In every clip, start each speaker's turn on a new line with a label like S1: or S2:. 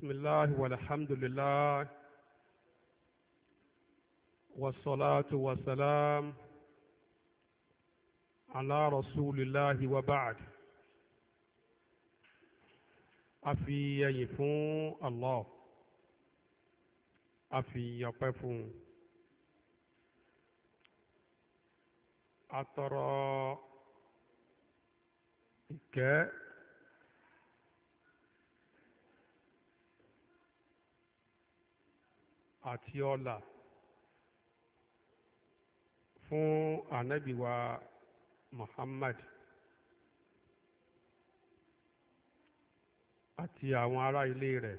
S1: بسم الله والحمد لله والصلاة والسلام على رسول الله وبعد أفي يفون الله أفي يقفون أترى àti ọlà fún ànábì Muhammad àti àwọn ará ilé rẹ̀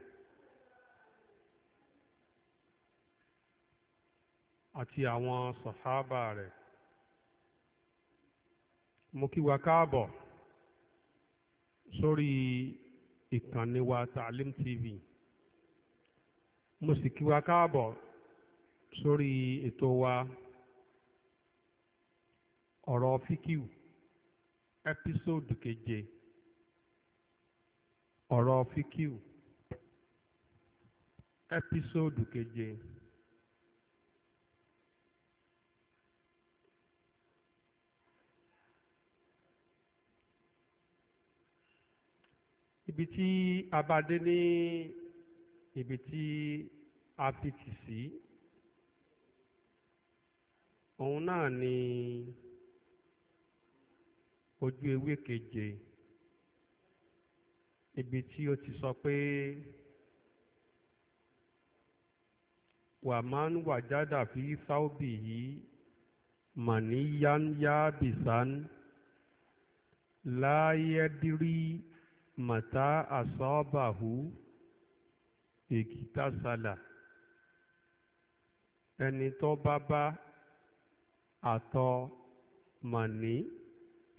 S1: àti àwọn sàhábà rẹ̀ mo kí wa káàbọ̀ sórí ìkànnì wa Taalim TV mo sì kí wa káàbọ̀ sórí ètò wa ọ̀rọ̀ fíkìú ẹ́písòdù keje ọ̀rọ̀ fíkìú ẹ́písòdù keje. ibi tí a bá dé ní ibi tí a fi tì sí òun náà ni ojú ewé keje ibi tí ó ti sọ pé wà máa ń wàjádà fi sáúbì yìí mà ní yábìsán láyé dírí màtá àsọ́bàhù èkìtà sálà ẹni tó bá bá àtọ mọ̀ní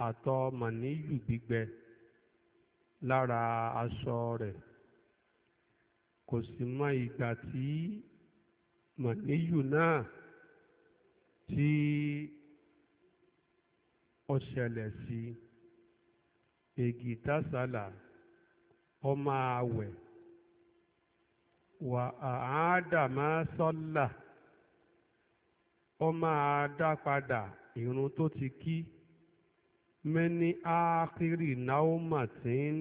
S1: àtọ mọ̀ní yù gbígbẹ lára aṣọ rẹ̀ kò sì mọ ìgbà tí mọ̀ní yù náà tí ó ṣẹlẹ̀ sí ègìtà sálà ó máa wẹ̀ wà àádà máa sọ́là ó máa dá padà ìrun tó ti kí mẹ́ni ákírì náùmàtín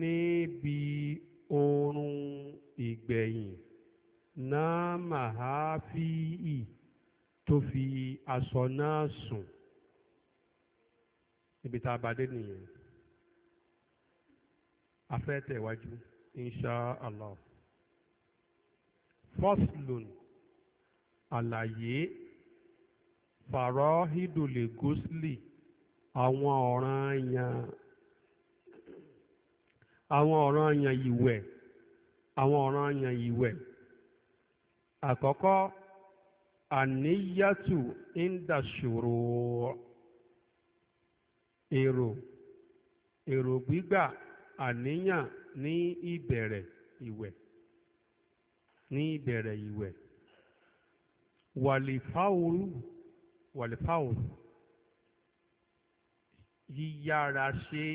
S1: níbi oorun ìgbẹ̀yìn náà màá fi ì tó fi aṣọ náà sùn níbi tá a bá dé nìyẹn afẹ́ tẹ̀wájú. insha allah faslun àlàyé fàrọ hídùlẹ gosli àwọn ọ̀ràn yàn àwọn ọ̀ràn yàn iwe. àwọn ọ̀ràn yàn iwe. Aniyatu, inda shuru' ní ìbẹ̀rẹ̀ ìwẹ̀ ní ìbẹ̀rẹ̀ ìwẹ̀ wàlìfáwòrú wàlìfáwòrú yíyára ṣe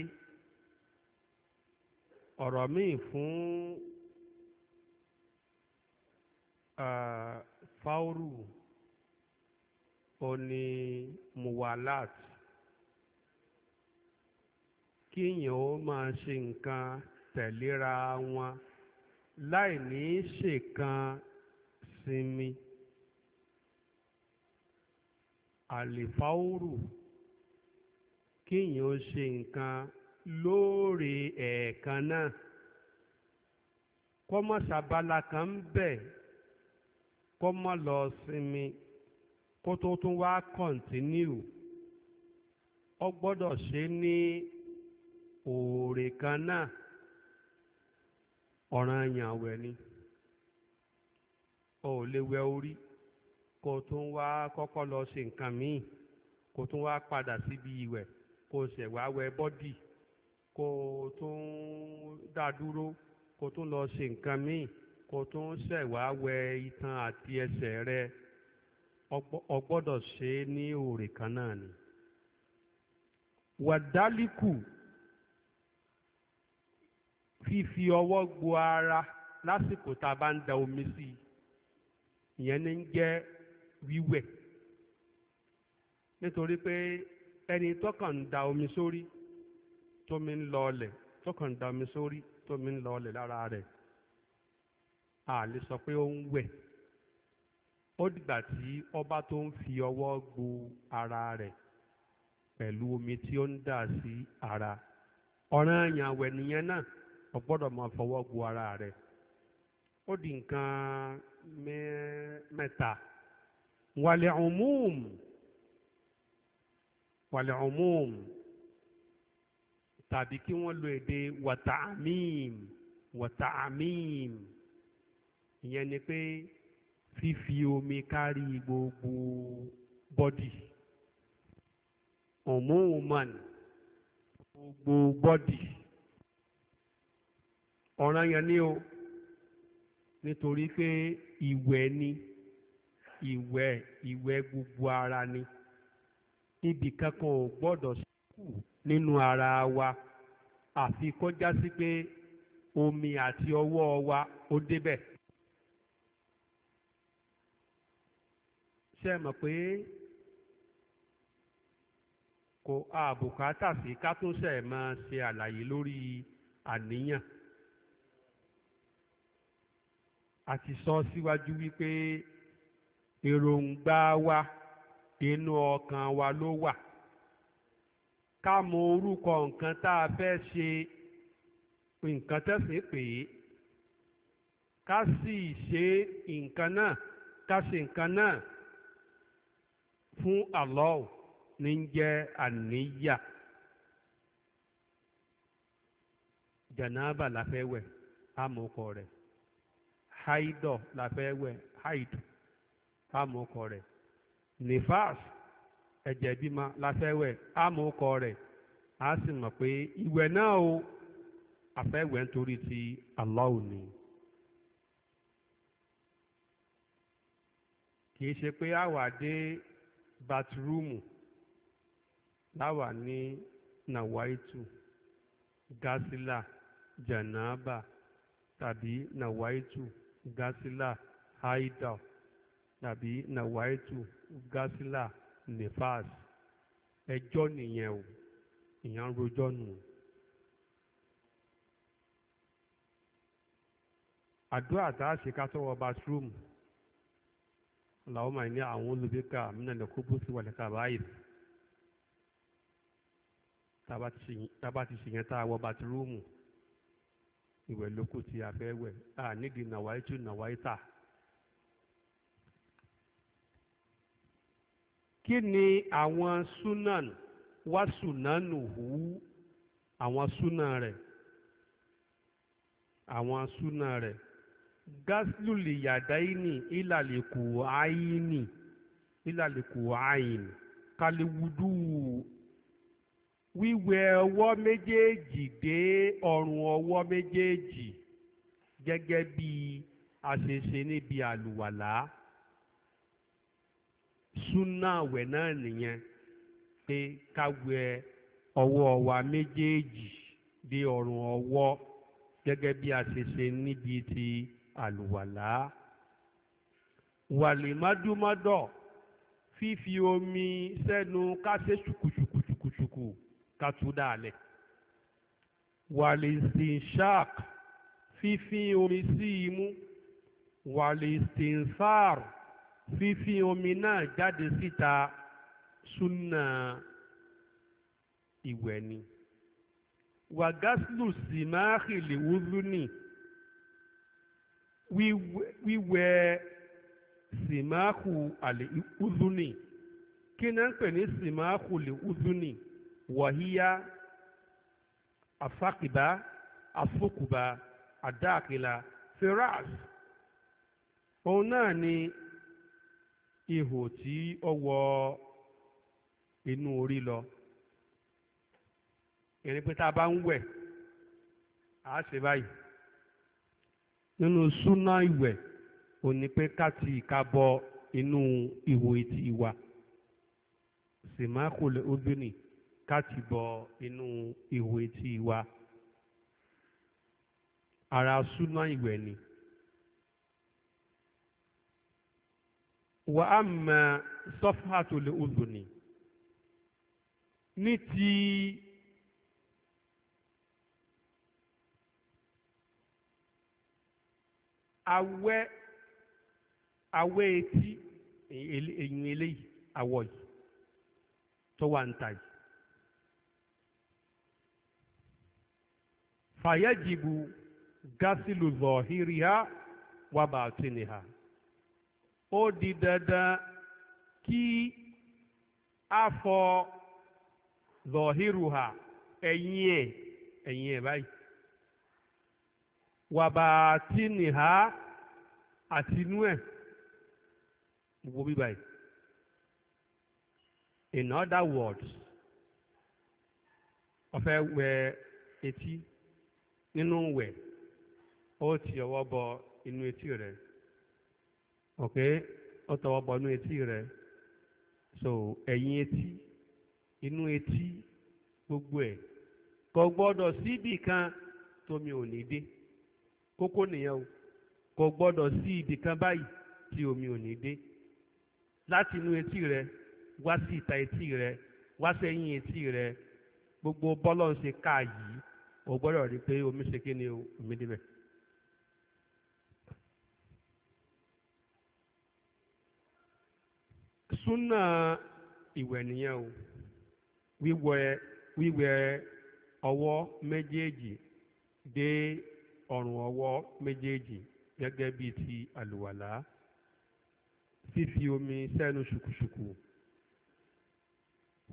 S1: ọ̀rọ̀ míì fún fáwòrú ó ní muwalat ó máa ṣe nǹkan tẹlera wọn láì ní ṣèkan sinmi àlìfáórù kíyàn ṣe nǹkan lori ẹ̀ẹ̀kan náà kọ́mọ́ kan ń bẹ̀ kọ́mọ́ lọ sinmi kó tó tún wá kọ̀ǹtínú ọ gbọ́dọ̀ ṣe ní òòrè kan náà. ọ̀ràn àyàn àwẹ̀ ni o ò lè wẹ orí kó o tún wá kọ́kọ́ lọ ṣe nǹkan míì kó o tún wá padà síbi ìwẹ̀ kó o ṣẹ̀ wá wẹ bọ́dì kó o tún dá dúró kó o tún lọ ṣe nǹkan míì kó o tún ṣẹ̀ wá wẹ itan àti ẹsẹ̀ rẹ o gbọ́dọ̀ ṣe é ní òòrè kan náà ni. wàdálíkù fífi ọwọ́ gbo ara lásìkò tá a bá ń da omi sí i ìyẹn ní ń jẹ́ wíwẹ̀ nítorí pé ẹni tọ́kàn ń da omi sórí tómi ń lọ ọlẹ̀ tọ́kàn ń da omi sórí tómi ń lọ ọlẹ̀ lára rẹ̀ a lè sọ pé ó ń wẹ̀ ó dìgbà tí ọba tó ń fi ọwọ́ gbo ara rẹ̀ pẹ̀lú omi tí ó ń dà sí ara ọ̀ràn àyànwẹ̀ nìyẹn náà o gbọ́dọ̀ máa fọwọ́ gbo ara rẹ̀ ó di nǹkan mẹ́ta wàlẹ̀ ọ̀mùm wàlẹ̀ ọ̀mùm tàbí kí wọ́n lo èdè wàtàmím wàtàmím ìyẹn ni pé fífi omi kárí gbogbo bọ́dì ọ̀mùmán gbogbo bọ́dì. ọ̀ràn yẹn ni o nítorí pé ni iwe iwe gbogbo ara ni ibì kankan ò gbọ́dọ̀ ṣẹ́kù nínú ara wa àfi kó já sí pé omi àti ọwọ́ wa ó débẹ̀. ṣe mọ̀ pé kò àbùkátà sí ká tún ṣe máa ṣe àlàyé lórí àníyàn. àti sọ síwájú wípé èròǹgbà wa inú ọkàn wa ló wà ká mọ orúkọ nǹkan tá a fẹ́ ṣe nǹkan tẹ̀sìn pè é ká sì ṣe nǹkan náà ká ṣe nǹkan náà fún Allah ní jẹ́ àníyà jànáàbà la fẹ́ rẹ̀. haidọ̀ la fẹ́ wẹ̀ haid amókọ rẹ nifas ẹ̀jẹ̀ bímọ la fẹ́ wẹ̀ amókọ rẹ̀ a sì pe pé naa náà o àfẹ́wẹ̀ nítorí ti Allah ni. kìí ṣe pé a wà dé bathroomu láwà ní nàwáìtù gásílà jẹ̀nàbà tàbí gasila haida tàbí nawaitu gasila nefas ẹjọ́ nìyẹn o ìyẹn ń rojọ́ nù. àdúrà tá a ṣe ká tọwọ́ bathroom làwọn ní àwọn olùbíkà àmínà lẹ́kọ́ bó ti wà lẹ́ka báyìí tá a bá ti ṣèyẹn tá a wọ bathroom ìwẹ̀ lókù tí a fẹ́ wẹ̀ a nídìí nàwáyé tù nàwáyé tà. kí ni àwọn sunan wá sunanu hu àwọn sunan rẹ̀ àwọn sunan rẹ̀ gasluli yadaini ilaliku aini ilaliku aini kaliwudu wíwẹ ọwọ́ méjèèjì dé ọrùn ọwọ́ méjèèjì gẹ́gẹ́ bí a ṣe ṣe níbi àlùwàlá súnà àwẹ̀ náà nìyẹn pé ká wẹ ọwọ́ wa méjèèjì dé ọrùn ọwọ́ gẹ́gẹ́ bí a ṣe ṣe níbi ti àlùwàlá wàlímádúmádọ̀ fífi omi sẹ́nu ká ṣe ṣùkùṣùkùṣùkùṣùkù ká tú dáalẹ̀ wàlìstinshak fífín omi sí imú wàlìstinfar fífín omi náà jáde síta súnà ìwẹ̀ ni wàgásìlù sì máa hìlì wúzú ni wíwẹ̀ sì máa hù àlè wúzú ni kí náà ń pè ní sì máa hù wàhíyá afakiba afokuba adáàkìlà firas òun náà ni ihò tí ó wọ inú orí lọ ìrìn pé tá a bá ń wẹ̀ á ṣe báyìí nínú súná ìwẹ̀ ò pé ká ti ìka bọ inú ihò ìtì ìwà sì máa kò lè ó bí nìyí ká ti bọ inú ìwé tí wa ara súná ìwẹ̀ ni. wà á mọ sọ́fà tó lè odò ni ní ti awẹ́ awẹ́ etí ẹ̀yìn eléyìí awọ yìí tó wà ń ta yìí. fàyẹ́jìbù gásìlù zọ̀híríà wàbàtìníhà ó di dandan kí a fọ zọ̀híruhà ẹ̀yìn ẹ̀ ẹ̀yìn ẹ̀ báyìí wàbàtìníhà àtinú ẹ̀ wo bí báyìí in other words ọ̀fẹ́ wẹ etí. nínú ìwẹ̀ ó ti ọwọ́ bọ inú etí rẹ̀ ok ó tọwọ́ bọ inú etí rẹ̀ so ẹ̀yìn etí inú etí gbogbo ẹ̀ kò gbọ́dọ̀ síbì kan tómi ò ní dé kókó nìyẹn o kò gbọ́dọ̀ kan báyìí tí omi ò ní dé láti inú etí rẹ wá sí ìta etí rẹ wá sẹ́yìn etí rẹ gbogbo bọ́lọ̀ ń ṣe ká o gbọ́dọ̀ rí i pé omi ṣe kí ni omi débẹ̀. súnà ìwẹ̀ nìyẹn o wíwẹ̀ wíwẹ̀ ọwọ́ méjèèjì dé ọrùn ọwọ́ méjèèjì gẹ́gẹ́ bíi ti àlùwàlá fífi omi sẹ́nu ṣùkùṣùkù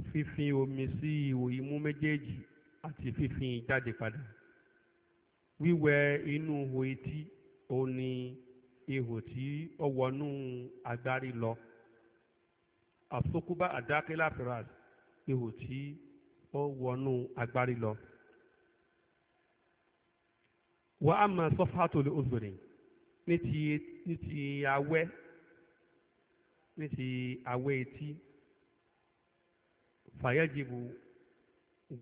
S1: fífi omi sí ihò imú méjèèjì àti fífin jáde padà wíwẹ inú ihò etí òun ni ihò tí ó wọnú agbárí lọ àsokúbá àdákẹ́lá firas ihò tí ó wọnú agbárí lọ. wà á máa sọ́fà tó lè obìnrin ní ti ní ti awẹ́ ní ti awẹ́ etí fàyẹ́jìbù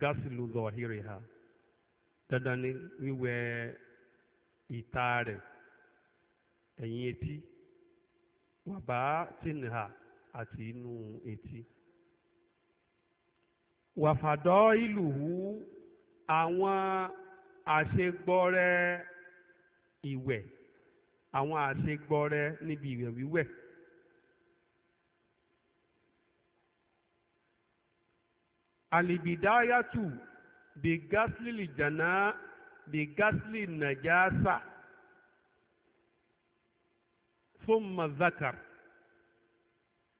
S1: gásìlú zọ̀hírì ha dandan ni wíwẹ̀ ìta rẹ̀ ẹ̀yìn etí wàbá tìǹhà àti inú etí wàfàdọ́ ìlú àwọn àṣegbọ́rẹ́ ìwẹ̀ àwọn àṣegbọ́rẹ́ níbi ìwẹ̀ alibidayatu bi gasli lijana bi gasli najasa thumma zakar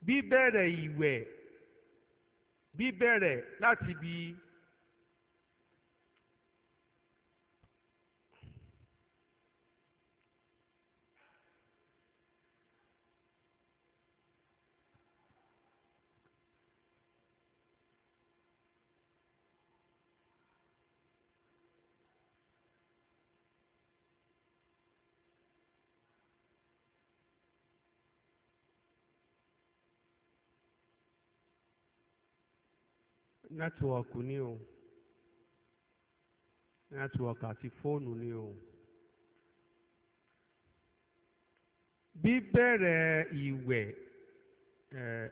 S1: bíbẹ̀rẹ̀ ìwẹ̀ bíbẹ̀rẹ̀ láti bi nẹ́tíwọ̀kù ni o àti fóònù ni o. bíbẹ̀rẹ̀ ìwẹ̀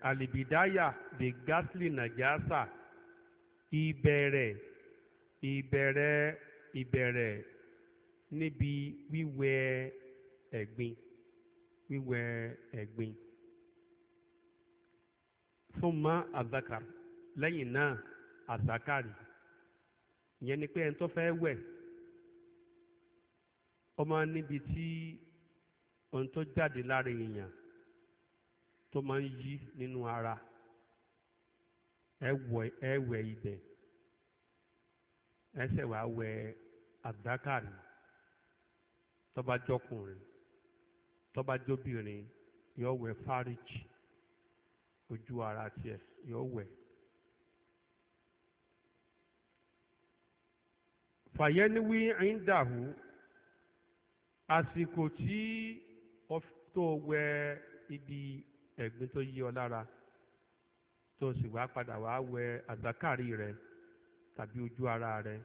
S1: alibidaya de gasly najasa ìbẹ̀rẹ̀ ìbẹ̀rẹ̀ ìbẹ̀rẹ̀ níbi wíwẹ̀ ẹ̀gbin wíwẹ̀ ẹ̀gbin fún ma àzákàrí ìyẹn ni pé ẹni tó fẹ́ wẹ̀ ó máa níbi tí ohun tó jáde lára èèyàn tó máa ń yí nínú ara ẹ wẹ̀ ibẹ̀ ẹsẹ̀ wàá wẹ̀ àzákàrí tó bá jọkùnrin tó jóbìnrin yóò wẹ̀ fáríjì ojú ara tiẹ̀ yóò wẹ̀ fàyẹ́niwí ẹ̀ńdàhù àsìkò tí tó wẹ ibi ẹ̀gbin tó yí ọ lára tó sì wá padà wá wẹ àzákàrí rẹ tàbí ojú ara rẹ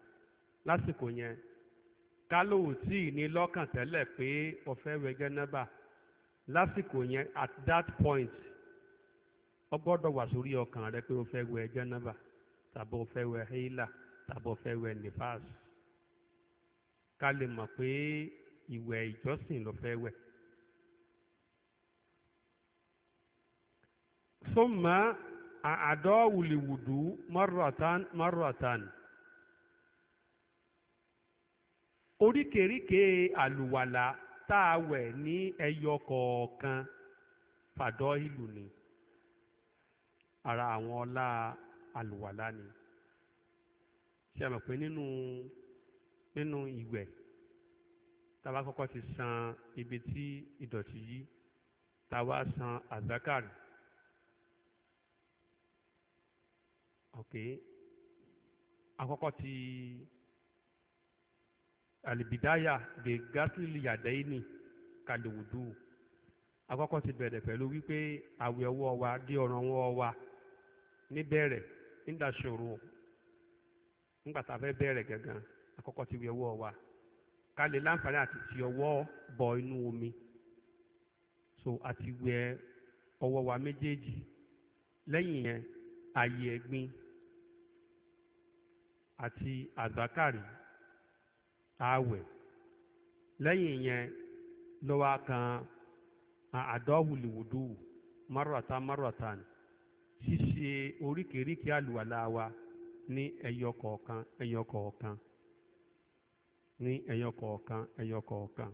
S1: lásìkò yẹn kálò tí ní lọ́kàn tẹ́lẹ̀ pé o fẹ́ wẹ jẹ́nẹ́bà lásìkò yẹn at that point o gbọ́dọ̀ wà sórí ọkàn rẹ pé o fẹ́ wẹ jẹ́nẹ́bà tàbí o fẹ́ wẹ hílà tàbí o fẹ́ wẹ nífàsì ká lè mọ̀ pé ìwẹ̀ ìjọsìn ló fẹ́ wẹ̀. summa àádọ́wù lè wùdú marratan marratan. oríkèéríkèé àlùwàlà tá a wẹ̀ ní ẹyọ kọ̀ọ̀kan fàdọ́ ìlú ni ara àwọn ọlá àlùwàlá ni ṣe àmọ̀ pé nínú nínú ìwẹ̀ tàbá kọ́kọ́ ti san ibi tí ìdọ̀tí yí tàbá san àzákàrì ok akọ́kọ́ ti alibidaya de gasili yadaini kaliwudu akọ́kọ́ ti bẹ̀rẹ̀ pẹ̀lú wípé àwẹ̀ ọwọ́ wa dé ọ̀ràn ọwọ́ wa níbẹ̀rẹ̀ nídàṣòro nígbà tá a fẹ́ bẹ̀rẹ̀ gangan àkọ́kọ́ ti wẹ ọwọ́ wa ká lè láǹfààní àti ti bọ inú omi so àti wẹ ọwọ́ wa méjèèjì lẹ́yìn yẹn àyè ẹ̀gbin àti àgbákàrí àwẹ̀ lẹ́yìn yẹn lọ́wọ́ kan àdọ́hùlìwòdù márùtà márùtà ṣíṣe oríkèéríkèé àlùwàlá wa ní ẹyọ kọ̀ọ̀kan ẹyọ kọ̀ọ̀kan ní ẹyọ kọ̀ọ̀kan ẹyọ kọ̀ọ̀kan.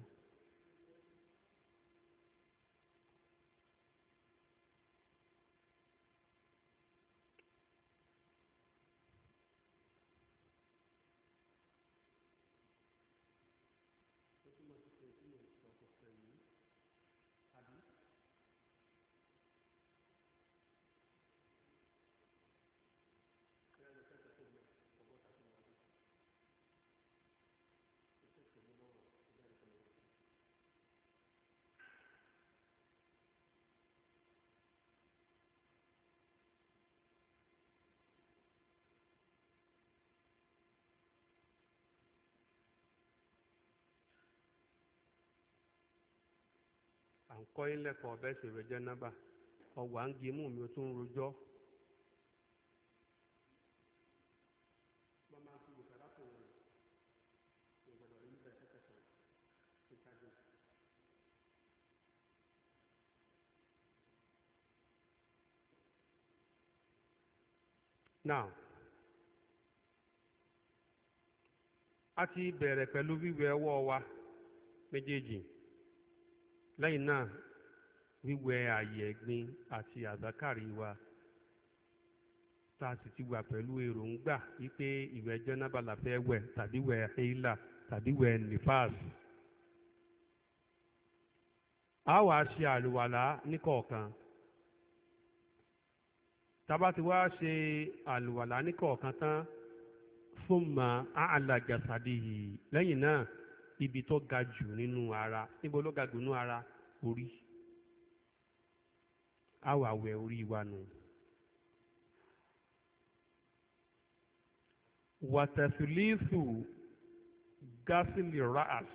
S1: ń kọ́ ilẹ̀kùn ọ̀bẹ sì rẹ̀ jẹ́nàbà ọ̀wà ń mi ó tún rojọ́. now a ti bẹ̀rẹ̀ pẹ̀lú wa méjèèjì. lẹ́yìn náà wíwẹ ààyè ẹ̀gbin àti àzákàrí wa tá a sì ti wà pẹ̀lú èròǹgbà wípé ìwẹ̀ jẹ́nábà la fẹ́ wẹ̀ tàbí wẹ̀ hílà tàbí wẹ̀ nìfàs. a wà á ṣe àlùwàlá níkọ̀ọ̀kan tába ti wá ṣe àlùwàlá níkọ̀ọ̀kan tán fún mọ́ àlàjàsádì yìí lẹ́yìn náà ibi tó ga jù nínú ara níbo ló ga jù nínú ara orí a wà wẹ orí wa nù. wàtẹ̀sílíìsù gásìlì ras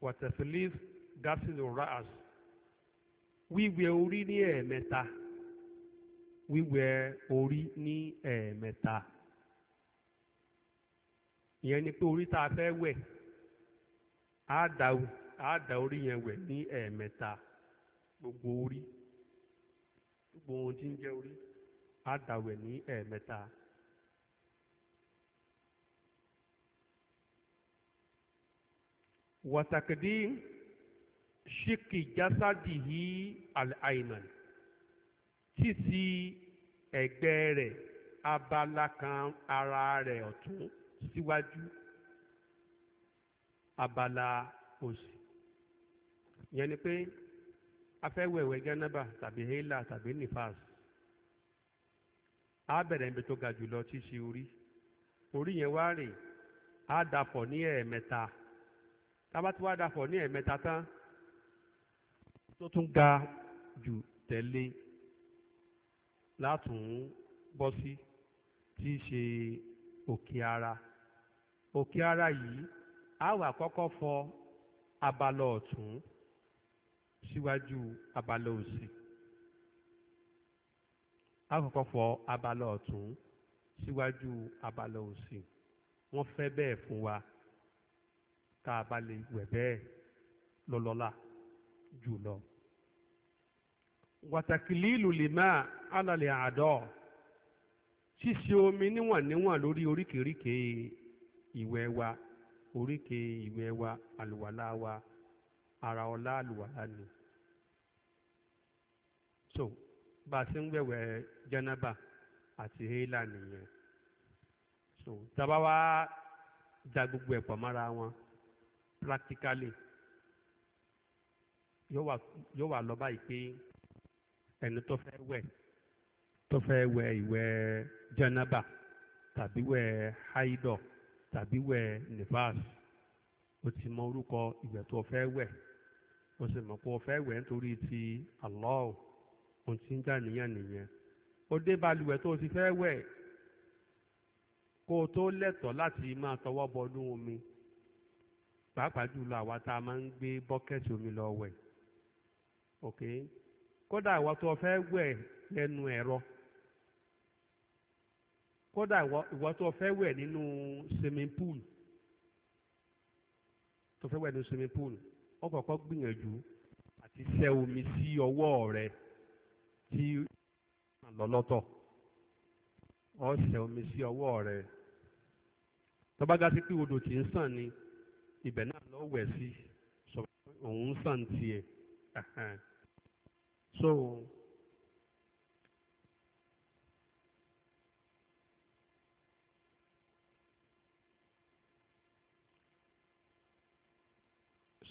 S1: wàtẹ̀sílíìsù gásìlì ras wíwẹ̀ orí ní ẹ̀ẹ̀mẹta wíwẹ̀ orí ní ẹ̀ẹ̀mẹta. E ìyẹn ni pé orí tá a fẹ́ wẹ̀ á dà á dà orí yẹn wẹ̀ ní ẹ̀ẹ̀mẹ́ta gbogbo orí gbogbo ohun tí ń jẹ́ orí á dà wẹ̀ ní ẹ̀ẹ̀mẹ́ta. wàtàkìdí ṣíkì jásádì yìí àìmọ̀n títí ẹ̀gbẹ́ rẹ̀ abala kan ara rẹ̀ ọ̀tún síwájú abala òsì ìyẹn ni pé afẹ́wẹ̀wẹ̀ gẹ́nẹ́bà tàbí hélà tàbí nìfàs á bẹ̀rẹ̀ níbi tó ga jùlọ tí ṣe orí orí yẹn wá rè á dàpọ̀ ní ẹ̀ẹ̀mẹ́ta tábà tí wá dàpọ̀ ní ẹ̀ẹ̀mẹ́ta tán tó tún ga jù tẹ̀lé látùn bọ́ sí tí í ṣe òkè ara òkè ara yìí a wà kọ́kọ́ fọ abala ọ̀tún síwájú abala òsì a kọ́kọ́ fọ abala ọ̀tún síwájú abala òsì wọ́n fẹ́ bẹ́ẹ̀ fún wa tá a bá lè wẹ̀ bẹ́ẹ̀ lọ́lọ́lá jùlọ. wàtàkìlì ìlú lèmọ́ alàlẹ́ àádọ́ ṣíṣe omi níwọ̀n níwọ̀n lórí oríkèéríkèé ìwẹ̀ wa oríkèé ìwẹ̀ wa àlùwàlá wa ara ọlá àlùwàlá ni so bá a ṣe ń wẹ̀wẹ̀ jẹ́nàbà àti hélà nìyẹn so tábà wá da gbogbo ẹ̀ pọ̀ wọn practically yóò wà lọ báyìí pé ẹni tó fẹ́ wẹ̀ tó fẹ́ wẹ̀ ìwẹ̀ jẹ́nàbà tàbí wẹ̀ háídọ̀ tàbí wẹ̀ nifas o ti mọ orúkọ ìwẹ̀ tó o fẹ́ wẹ̀ o sì mọ̀ pé o fẹ́ wẹ̀ nítorí ti Allah ohun tí ń jà níyàn nìyẹn o dé balùwẹ̀ tó o ti fẹ́ wẹ̀ kó o tó lẹ́tọ̀ọ́ láti máa tọwọ́ bọnú omi pàápàá jùlọ àwa tá a máa ń gbé bọ́kẹ́tì omi lọ wẹ̀ ok kódà àwa tó o fẹ́ wẹ̀ lẹ́nu ẹ̀rọ. E kódà ìwọ tó fẹ́ wẹ̀ nínú swimming pool tó fẹ́ wẹ̀ nínú swimming pool ó kọ́kọ́ gbìyànjú àti ṣẹ́ omi sí ọwọ́ rẹ tí lọ́lọ́tọ̀ ó ṣẹ́ omi sí ọwọ́ rẹ tó bá ga sí pé odò tí ń sàn ni ibẹ̀ náà lọ wẹ̀ sí sọ òun sàn tiẹ̀ so.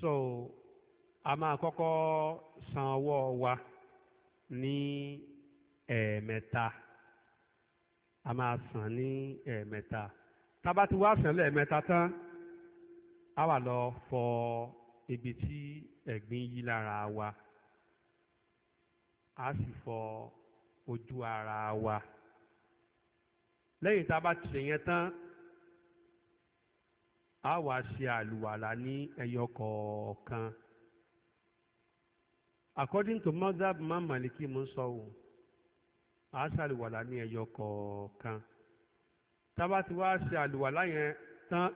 S1: so a máa kọ́kọ́ san ọwọ́ wa ní ẹ̀ẹ̀mẹ́ta a máa san ní ẹ̀ẹ̀mẹ́ta tá bá ti wá san lẹ́ẹ̀mẹ́ta tán a wá lọ fọ ibi tí ẹ̀gbin yí lára wa a sì fọ ojú ara wa lẹ́yìn tá a bá ti tán a wá ṣe àlùwàlà ní ẹyọ kọ̀ọ̀kan according to mazhab Imam Maliki mo ń sọ o a ṣàlùwàlà ní ẹyọ kọ̀ọ̀kan tá bá ti ṣe àlùwàlà yẹn tán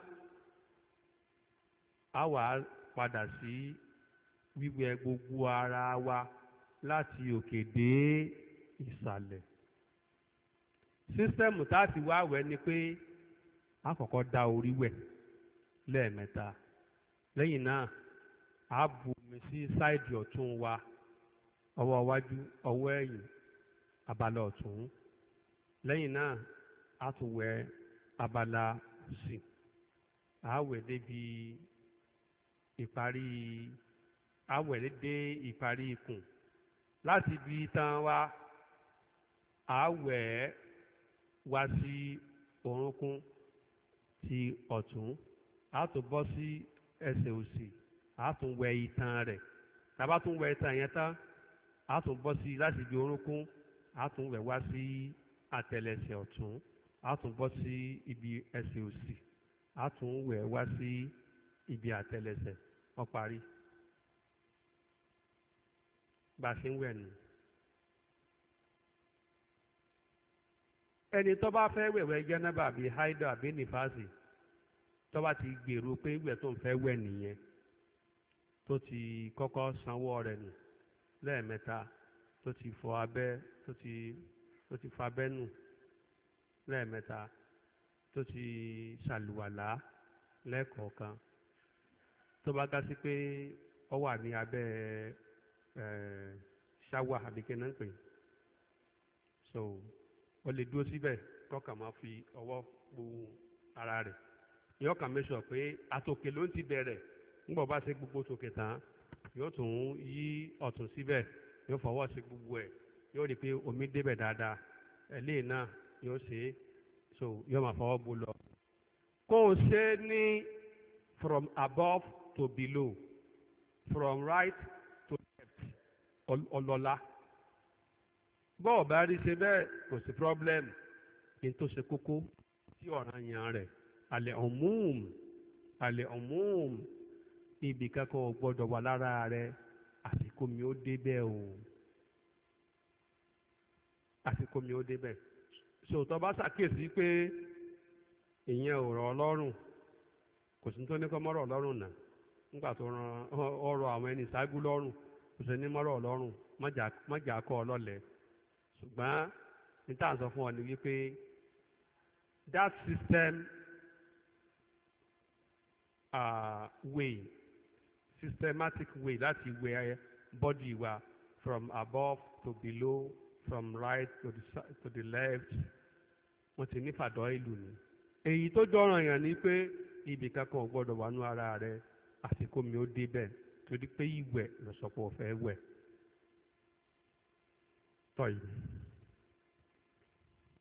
S1: a wá padà sí wíwẹ̀ gbogbo ara wa láti òkè dé ìsàlẹ̀ sísẹ́mù tá a ti wá wẹ̀ ni pé a kọ́kọ́ dá orí wẹ̀ lẹ́ẹ̀mẹ́ta lẹ́yìn náà a bu omi sí sáìdì ọ̀tún wa ọwọ́ iwájú ọwọ́ ẹ̀yìn abala ọ̀tún lẹ́yìn náà a tún wẹ abala òsì a wẹ̀ débi ìparí a wẹ̀ dé ìparí ikùn láti ibi itan wa a wẹ̀ wá sí orúnkún ti ọ̀tún a tún bọ́ sí ẹsẹ̀ òsì a tún wẹ itan rẹ̀ tàbá tún wẹ itan yẹn tán a tún bọ́ sí láti ibi orúnkún a tún wẹ̀ wá sí àtẹlẹsẹ̀ ọ̀tún a tún bọ́ sí ibi ẹsẹ̀ òsì a tún wẹ̀ wá sí ibi àtẹlẹsẹ̀ wọ́n parí bá a ṣe ń wẹ̀ nù. ẹni tó bá fẹ́ wẹ̀wẹ̀ jẹ́nẹ́bà bíi haida àbí nífàsì tó bá ti gbèrò pé ìwẹ̀ tó ń fẹ́ wẹ̀ nìyẹn tó ti kọ́kọ́ sanwó rẹ̀ nù lẹ́ẹ̀mẹ́ta tó ti fọ abẹ́ tó ti tó ti fọ abẹ́ nù lẹ́ẹ̀mẹ́ta tó ti ṣàlùwàlá lẹ́ẹ̀kọ̀ọ̀kan tó bá gá sí pé ó wà ní abẹ́ ṣáwà àbíkẹ́ ń pè so ó lè dúró síbẹ̀ kọ́kàn máa fi ọwọ́ gbu ara rẹ̀ yóò kàn mẹ́sọ̀ pé àtòkè ló ń ti bẹ̀rẹ̀ ńgbọ̀ bá ṣe gbogbo tòkè tán yóò tún yí ọ̀tún síbẹ̀ yóò fọwọ́ sí gbogbo ẹ̀ yóò rí i pé omi débẹ̀ dáadáa ẹ̀lẹ́ náà yóò ṣe é so yóò máa fọwọ́ bu lọ. kó ṣe ní from above to below from right to left ọlọ́lá bọ́ọ̀ bá rí ṣe bẹ́ẹ̀ kò sí problem ní tó ṣe kókó sí ọ̀ranyàn rẹ̀. àlẹ́ ọ̀mùm àlẹ́ níbi kankan ò wà lára rẹ àsìkò ó débẹ̀ o ó débẹ̀ bá ṣàkíyèsí pé ìyẹn ò rọ̀ ọlọ́rùn kò sí tó ní kọ́ mọ́rọ̀ ọlọ́rùn náà ní mọ́rọ̀ ọlọ́rùn mọ́jà kọ́ way systematic way That's where body wa from above to below from right to the, to the left wọ́n ti ní fàdọ́ ìlú ni èyí tó dọ̀ràn yàn ni pé ibì kankan ò gbọ́dọ̀ wà nú ara rẹ àsìkò mi ó débẹ̀ torí pé ìwẹ̀ lọ́sọ̀pọ̀ fẹ́ wẹ̀ tọ́yìí.